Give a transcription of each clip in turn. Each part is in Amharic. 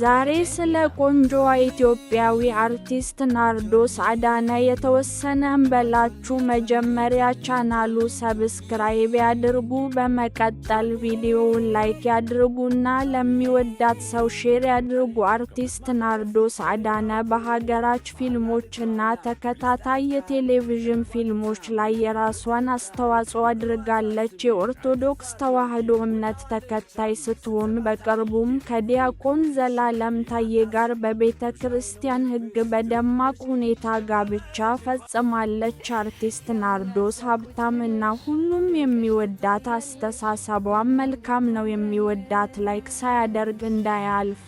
ዛሬ ስለ ቆንጆዋ ኢትዮጵያዊ አርቲስት ናርዶስ አዳነ የተወሰነን በላችሁ። መጀመሪያ ቻናሉ ሰብስክራይብ ያድርጉ፣ በመቀጠል ቪዲዮውን ላይክ ያድርጉና ለሚወዳት ሰው ሼር ያድርጉ። አርቲስት ናርዶስ አዳነ በሀገራች ፊልሞችና ተከታታይ የቴሌቪዥን ፊልሞች ላይ የራሷን አስተዋጽኦ አድርጋለች። የኦርቶዶክስ ተዋህዶ እምነት ተከታይ ስትሆን በቅርቡም ከዲያቆን ዘላ አለምታዬ ጋር በቤተ ክርስቲያን ሕግ በደማቅ ሁኔታ ጋብቻ ፈጽማለች። አርቲስት ናርዶስ ሀብታም እና ሁሉም የሚወዳት አስተሳሰቧ መልካም ነው። የሚወዳት ላይክ ሳያደርግ እንዳያልፍ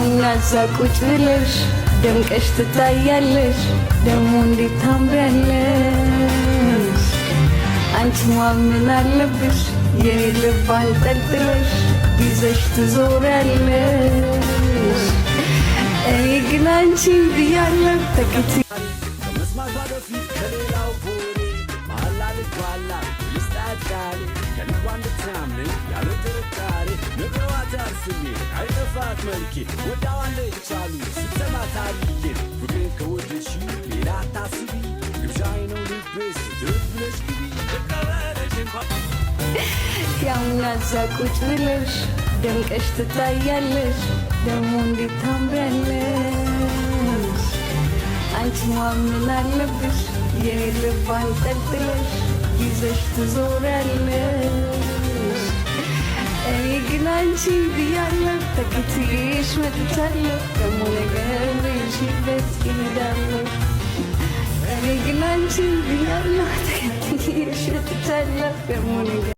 ሰውና እዛ ቁጭ ብለሽ ደምቀሽ ትታያለሽ። ደግሞ እንዴት ታምሪያለሽ! አንቺ ማመን አለብሽ የኔ ልብ አንጠልጥለሽ ይዘሽ ትዞሪያለሽ። እኔ ግን አንቺ ብያለሁ ተቀት ስትሜል አይጠፋት መልኬ ወዳዋለች ቻሉ ስትሰማ ታሪኬን ፍቅርን ከወደድሽ ሌላ አታስቢ ግብዣይ ነው ልብስ ድብለሽ ግቢ ልቀበለሽ እንኳን ያምናዛ ቁጭ ብለሽ ደምቀሽ ትታያለሽ ደግሞ እንዴት ታምሪያለሽ አንቺ ማምን አለብሽ የኔ ልብ አንጠልጥለሽ ይዘሽ ትዞሪያለሽ እኔ ግን አንቺ ብያለሁ ተከትዬሽ መጥቻለሁ ደግሞ ነገር ብልሽበት ይሄዳለሁ እኔ ግን አንቺ ብያለሁ ተከትዬሽ መጥቻለሁ ደግሞ ነገር